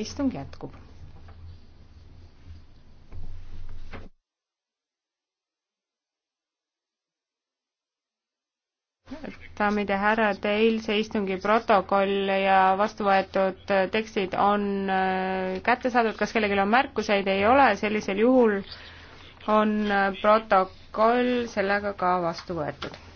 istung jätkub. daamid ja härrad, eilse istungi protokoll ja vastu võetud tekstid on äh, kätte saadud, kas kellelgi on märkuseid, ei ole, sellisel juhul on protokoll sellega ka vastu võetud.